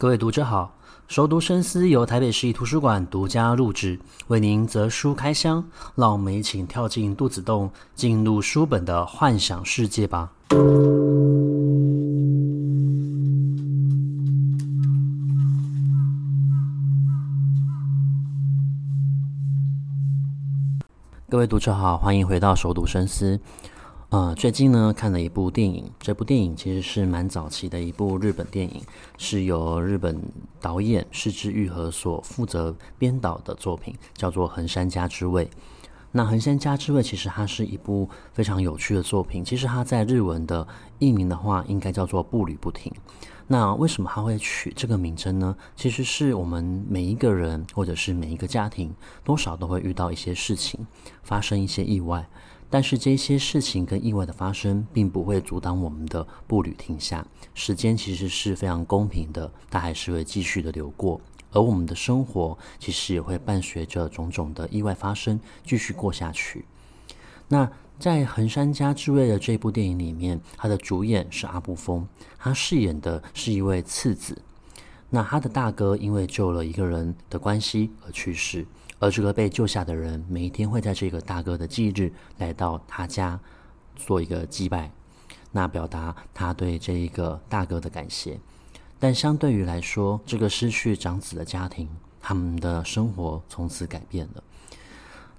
各位讀者好，熟讀深思由台北市立圖書館獨家錄製，為您擇書開箱，讓我們一起跳進肚子洞，進入書本的幻想世界吧。各位讀者好，歡迎回到熟讀深思。呃，最近呢看了一部電影，這部電影其實是蠻早期的一部日本電影，是由日本導演是枝裕和所負責編導的作品，叫做《橫山家之味》。那《橫山家之味》其實它是一部非常有趣的作品。其實它在日文的譯名的話，應該叫做“步履不停”。那為什麼它會取這個名稱呢？其實是我們每一個人或者是每一個家庭，多少都會遇到一些事情，發生一些意外。但是這些事情跟意外的發生，並不會阻擋我們的步履停下。時間其實是非常公平的，它還是會繼續的流過，而我們的生活其實也會伴隨着種種的意外發生，繼續過下去。那在《橫山家之味》的這部電影裡面，他的主演是阿部寬，他飾演的是一位次子。那他的大哥因為救了一個人的關係而去世。而這個被救下的人，每一天會在這個大哥的忌日來到他家，做一個祭拜，那表達他對這一個大哥的感謝。但相對於來說，這個失去長子的家庭，他們的生活從此改變了。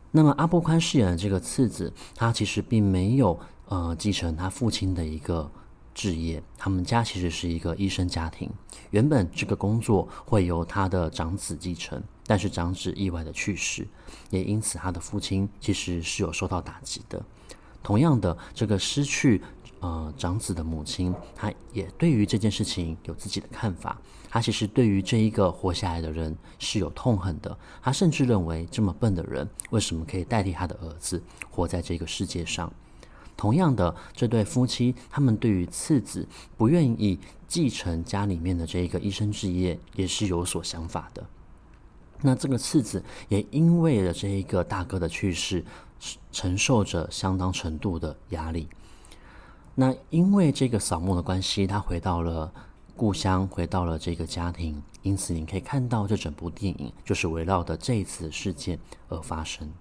那麼，阿部寬飾演的這個次子，他其實並沒有呃繼承他父親的一個職業，他們家其實是一個醫生家庭，原本這個工作會由他的長子繼承。但是長子意外的去世，也因此他的父親其實是有受到打擊的。同樣的，這個失去呃長子的母親，他也對於這件事情有自己的看法。他其實對於這一個活下來的人是有痛恨的。他甚至認為這麼笨的人為什麼可以代替他的兒子活在這個世界上？同樣的，這對夫妻，他們對於次子不願意繼承家裡面的這個醫生職業也是有所想法的。那這個次子也因為了這一個大哥的去世，承受着相當程度的壓力。那因為這個掃墓的關係，他回到了故鄉，回到了這個家庭，因此你可以看到，這整部電影就是圍繞著這次事件而發生。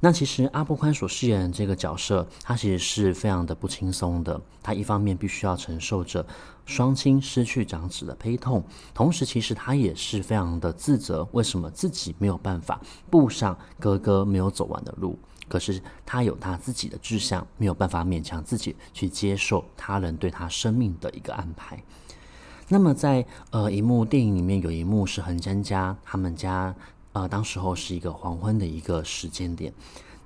那其實阿波寬所飾演的這個角色，他其實是非常的不輕鬆的。他一方面必須要承受着雙親失去長子的悲痛，同時其實他也是非常的自責，為什麼自己沒有辦法步上哥哥沒有走完的路？可是他有他自己的志向，沒有辦法勉強自己去接受他人對他生命的一個安排。那麼在呃一幕電影裡面，有一幕是恆江家他們家，呃，當時候是一個黃昏的一個時間點，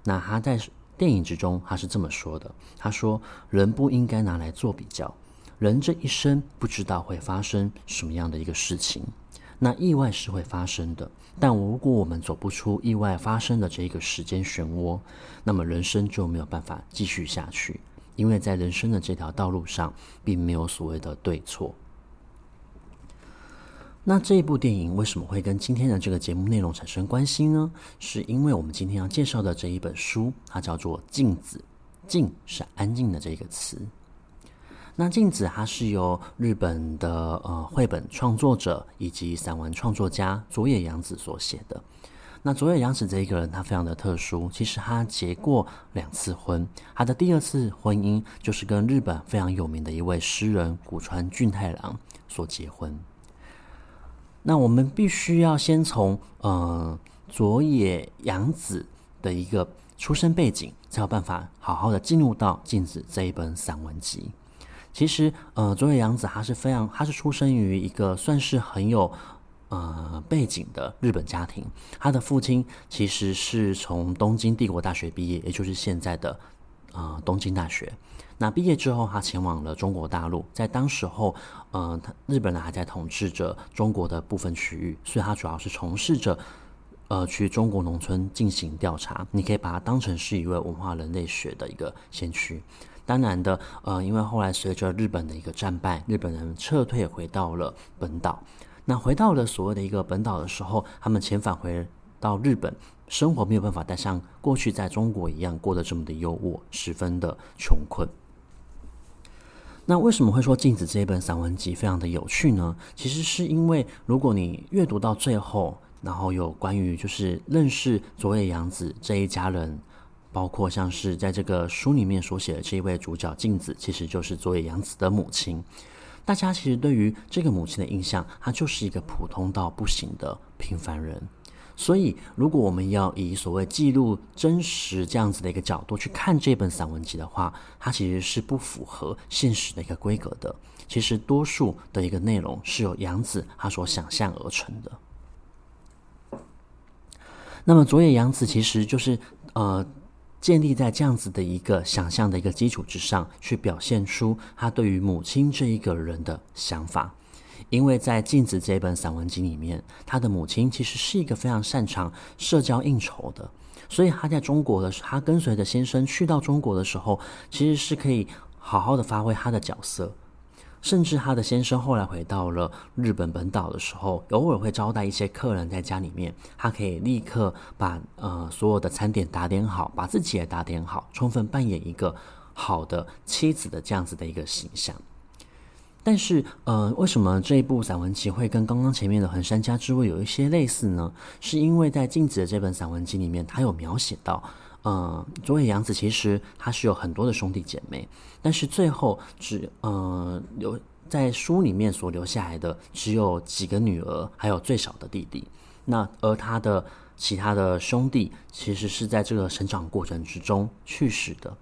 那他在電影之中，他是這麼說的，他說，人不應該拿來做比較，人這一生不知道會發生什麼樣的一個事情，那意外是會發生的，但如果我們走不出意外發生的這個時間漩渦，那麼人生就沒有辦法繼續下去，因為在人生的這條道路上，並沒有所謂的對錯。那這一部電影為什麼會跟今天的這個節目內容產生關係呢？是因為我們今天要介紹的這一本書，它叫做《靜子》，“靜”是安靜的這個詞。那《靜子》它是由日本的呃繪本創作者以及散文創作家佐野洋子所寫的。那佐野洋子這一個人，他非常的特殊。其實他結過兩次婚，他的第二次婚姻就是跟日本非常有名的一位詩人谷川俊太郎所結婚。那我們必須要先從呃佐野洋子的一個出生背景，才有辦法好好的進入到《靜子》這一本散文集。其實，呃，佐野洋子她是非常，她是出生於一個算是很有呃背景的日本家庭。她的父親其實是從東京帝國大學畢業，也就是現在的。啊、呃，東京大學。那畢業之後，他前往了中國大陸。在當時候，呃，日本人還在統治着中國的部分區域，所以他主要是從事着呃去中國農村進行調查。你可以把它當成是一位文化人類學的一個先驅。當然的，呃，因為後來隨着日本的一個戰敗，日本人撤退回到了本島。那回到了所謂的一個本島的時候，他們遣返回。到日本生活沒有辦法，再像過去在中國一樣過得這麼的優渥，十分的窮困。那為什麼會說靜子這一本散文集非常的有趣呢？其實是因為如果你閱讀到最後，然後有關於就是認識佐野洋子這一家人，包括像是在這個書裡面所寫的這一位主角靜子，其實就是佐野洋子的母親。大家其實對於這個母親的印象，她就是一個普通到不行的平凡人。所以，如果我們要以所謂記錄真實這樣子的一個角度去看這本散文集的話，它其實是不符合現實的一個規格的。其實，多數的一個內容是由洋子他所想象而成的。那麼，佐野洋子其實就是呃，建立在這樣子的一個想象的一個基礎之上，去表現出他對於母親這一個人的想法。因為在《靜子》這本散文集裡面，他的母親其實是一個非常擅長社交應酬的，所以他在中國的時候，他跟隨着先生去到中國的時候，其實是可以好好的發揮他的角色，甚至他的先生後來回到了日本本島的時候，偶爾會招待一些客人在家裡面，他可以立刻把呃所有的餐點打點好，把自己也打點好，充分扮演一個好的妻子的這樣子的一個形象。但是，呃，為什麼這一部散文集會跟剛剛前面的《橫山家之味》有一些類似呢？是因為在靜子的這本散文集裡面，他有描寫到，呃，佐野洋子其實他是有很多的兄弟姐妹，但是最後只呃留在書裡面所留下來的只有幾個女兒，還有最小的弟弟。那而他的其他的兄弟其實是在這個成長過程之中去世的。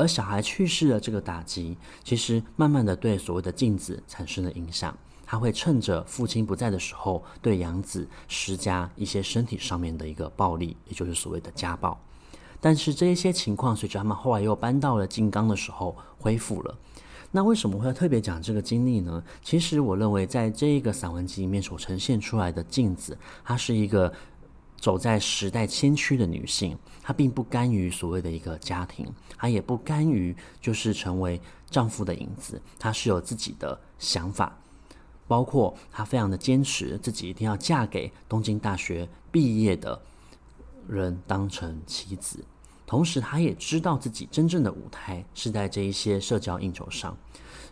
而小孩去世的這個打擊，其實慢慢地對所謂的靜子產生了影響。他會趁着父親不在的時候，對養子施加一些身體上面的一個暴力，也就是所謂的家暴。但是這一些情況，隨着他們後來又搬到了靜岡的時候，恢復了。那為什麼會特別講這個經歷呢？其實我認為，在這一個散文集裡面所呈現出來的靜子，它是一個。走在時代前驅的女性，她並不甘於所謂的一個家庭，她也不甘於就是成為丈夫的影子，她是有自己的想法，包括她非常的堅持自己一定要嫁給東京大學畢業的人當成妻子，同時她也知道自己真正的舞台是在這一些社交應酬上。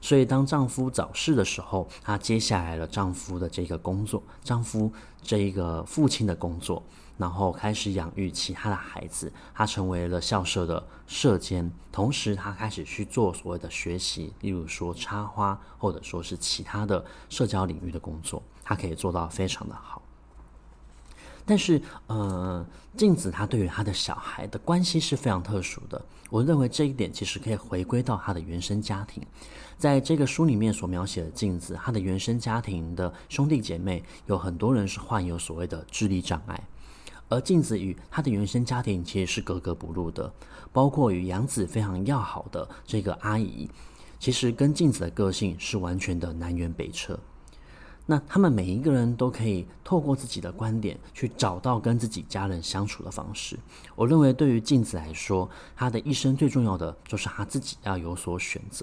所以，當丈夫早逝的時候，她接下來了丈夫的這個工作，丈夫這一個父親的工作，然後開始養育其他的孩子。她成為了校舍的舍監，同時她開始去做所謂的學習，例如說插花，或者說是其他的社交領域的工作。她可以做到非常的好。但是，呃，靜子他對於他的小孩的關係是非常特殊的。我認為這一點其實可以回歸到他的原生家庭，在這個書裡面所描寫的靜子，他的原生家庭的兄弟姐妹有很多人是患有所謂的智力障礙，而靜子與他的原生家庭其實是格格不入的，包括與楊子非常要好的這個阿姨，其實跟靜子的個性是完全的南轅北轍。那他們每一個人都可以透過自己的觀點去找到跟自己家人相處的方式。我認為對於靜子來說，他的一生最重要的就是他自己要有所選擇。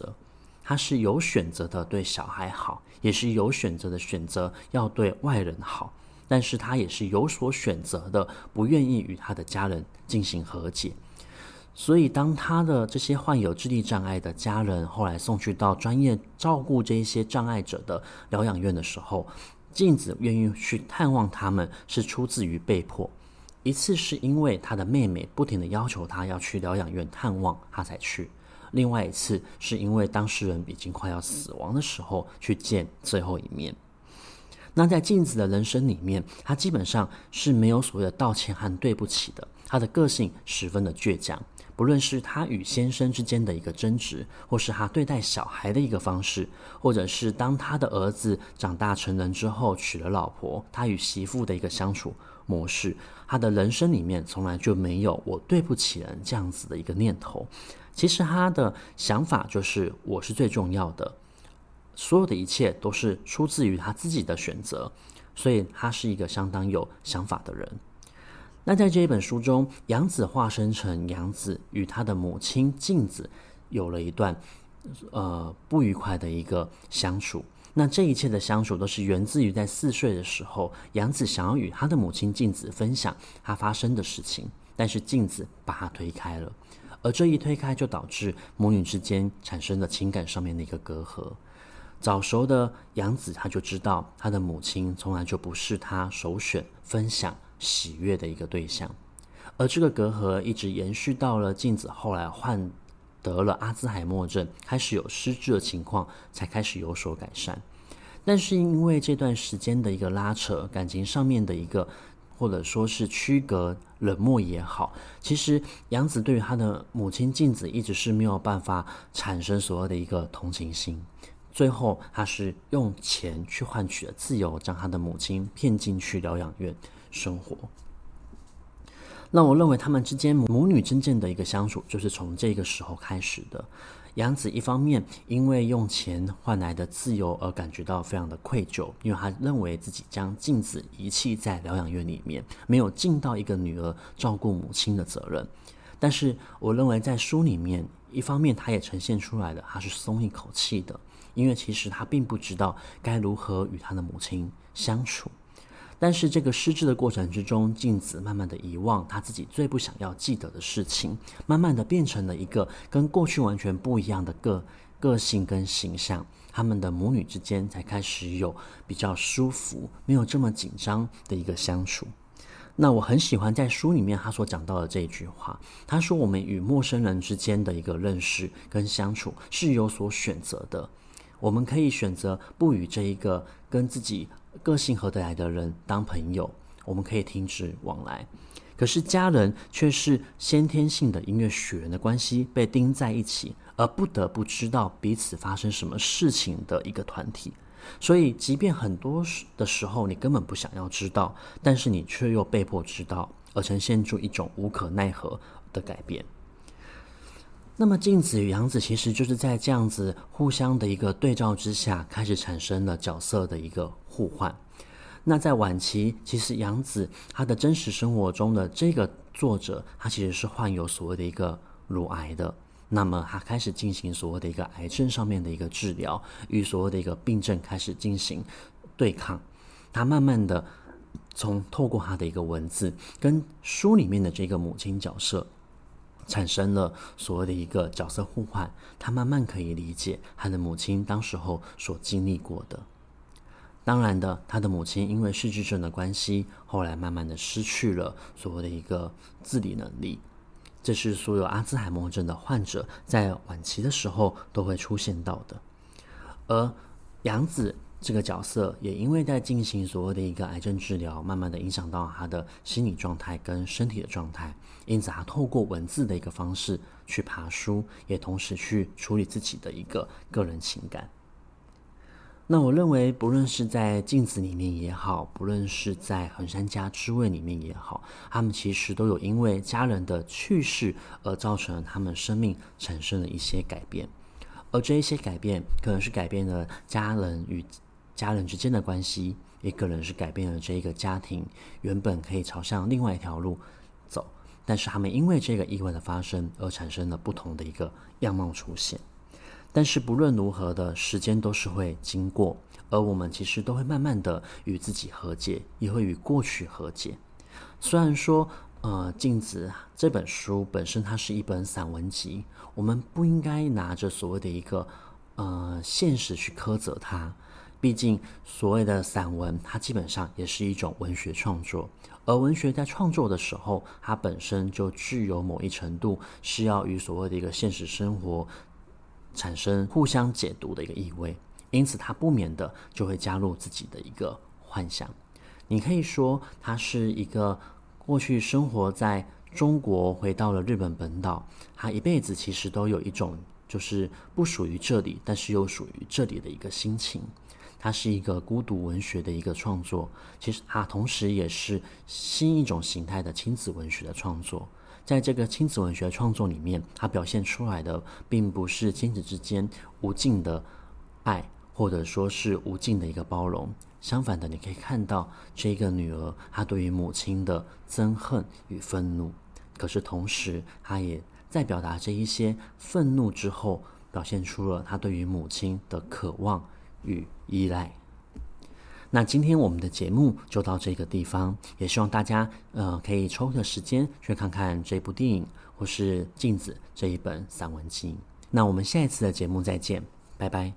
他是有選擇的對小孩好，也是有選擇的選擇要對外人好，但是他也是有所選擇的不願意與他的家人進行和解。所以，當他的這些患有智力障礙的家人後來送去到專業照顧這一些障礙者的療養院的時候，靜子願意去探望他們是出自於被迫。一次是因為他的妹妹不停地要求他要去療養院探望，他才去；另外一次是因為當事人已經快要死亡的時候去見最後一面。那在靜子的人生裡面，他基本上是沒有所謂的道歉和對不起的。他的個性十分的倔強。不論是他與先生之間的一個爭執，或是他對待小孩的一個方式，或者是當他的兒子長大成人之後娶了老婆，他與媳婦的一個相處模式，他的人生裡面從來就沒有我對不起人這樣子的一個念頭。其實他的想法就是我是最重要的，所有的一切都是出自於他自己的選擇，所以他是一個相當有想法的人。那在這一本書中，楊子化身成楊子，與他的母親靜子有了一段，呃，不愉快的一個相處。那這一切的相處都是源自於在四歲的時候，楊子想要與他的母親靜子分享他發生的事情，但是靜子把他推開了，而這一推開就導致母女之間產生了情感上面的一個隔閡。早熟的楊子他就知道，他的母親從來就不是他首選分享喜悅的一個對象，而這個隔閡一直延續到了靜子後來患得了阿茲海默症，開始有失智的情況，才開始有所改善。但是因為這段時間的一個拉扯，感情上面的一個或者說是區隔、冷漠也好，其實楊子對於他的母親靜子一直是沒有辦法產生所謂的一個同情心。最後，他是用錢去換取了自由，將他的母親騙進去療養院。生活。那我認為他們之間母女真正的一個相處，就是從這個時候開始的。楊子一方面因為用錢換來的自由而感覺到非常的愧疚，因為他認為自己將靜子遺棄在療養院裡面，沒有盡到一個女兒照顧母親的責任。但是我認為在書裡面，一方面他也呈現出來的，他是鬆一口氣的，因為其實他並不知道該如何與他的母親相處。但是這個失智的過程之中，靜子慢慢的遺忘他自己最不想要記得的事情，慢慢的變成了一個跟過去完全不一樣的個個性跟形象。他們的母女之間才開始有比較舒服、沒有這麼緊張的一個相處。那我很喜歡在書裡面他所講到的這一句話，他說：“我們與陌生人之間的一個認識跟相處是有所選擇的，我們可以選擇不與這一個跟自己”個性合得來的人當朋友，我們可以停止往來；可是家人卻是先天性的因為血緣的關係被釘在一起，而不得不知道彼此發生什麼事情的一個團體。所以，即便很多的時候你根本不想要知道，但是你卻又被迫知道，而呈現出一種無可奈何的改變。那麼，靜子與洋子其實就是在這樣子互相的一個對照之下，開始產生了角色的一個互換。那在晚期，其實洋子他的真實生活中的這個作者，他其實是患有所謂的一個乳癌的。那麼，他開始進行所謂的一個癌症上面的一個治療，與所謂的一個病症開始進行對抗。他慢慢的從透過他的一個文字，跟書裡面的這個母親角色。產生了所謂的一個角色互換，他慢慢可以理解他的母親當時候所經歷過的。當然的，他的母親因為失智症的關係，後來慢慢的失去了所謂的一個自理能力。這是所有阿茲海默症的患者在晚期的時候都會出現到的。而楊子。這個角色也因為在進行所謂的一個癌症治療，慢慢的影響到他的心理狀態跟身體的狀態，因此他透過文字的一個方式去爬書，也同時去處理自己的一個個人情感。那我認為，不論是在靜子裡面也好，不論是在橫山家之味裡面也好，他們其實都有因為家人的去世而造成了他們生命產生了一些改變，而這一些改變可能是改變了家人與。家人之間的關係，也可能是改變了這一個家庭原本可以朝向另外一條路走，但是他們因為這個意外的發生而產生了不同的一個樣貌出現。但是不論如何的，的時間都是會經過，而我們其實都會慢慢的與自己和解，也會與過去和解。雖然說，呃，《靜子》這本書本身它是一本散文集，我們不應該拿着所謂的一個呃現實去苛責它。畢竟，所謂的散文，它基本上也是一種文學創作，而文學在創作的時候，它本身就具有某一程度，是要與所謂的一個現實生活產生互相解讀的一個意味，因此，它不免的就會加入自己的一個幻想。你可以說，他是一個過去生活在中國，回到了日本本島，他一輩子其實都有一種，就是不屬於這裡，但是又屬於這裡的一個心情。它是一個孤獨文學的一個創作，其實它同時也是新一種形態的親子文學的創作。在這個親子文學的創作裡面，它表現出來的並不是親子之間無盡的愛，或者說是無盡的一個包容。相反的，你可以看到這個女兒她對於母親的憎恨與憤怒。可是同時，她也在表達這一些憤怒之後，表現出了她對於母親的渴望。與依賴。那今天我們的節目就到這個地方，也希望大家呃可以抽個時間去看看這部電影或是《靜子》這一本散文集。那我們下一次的節目再見，拜拜。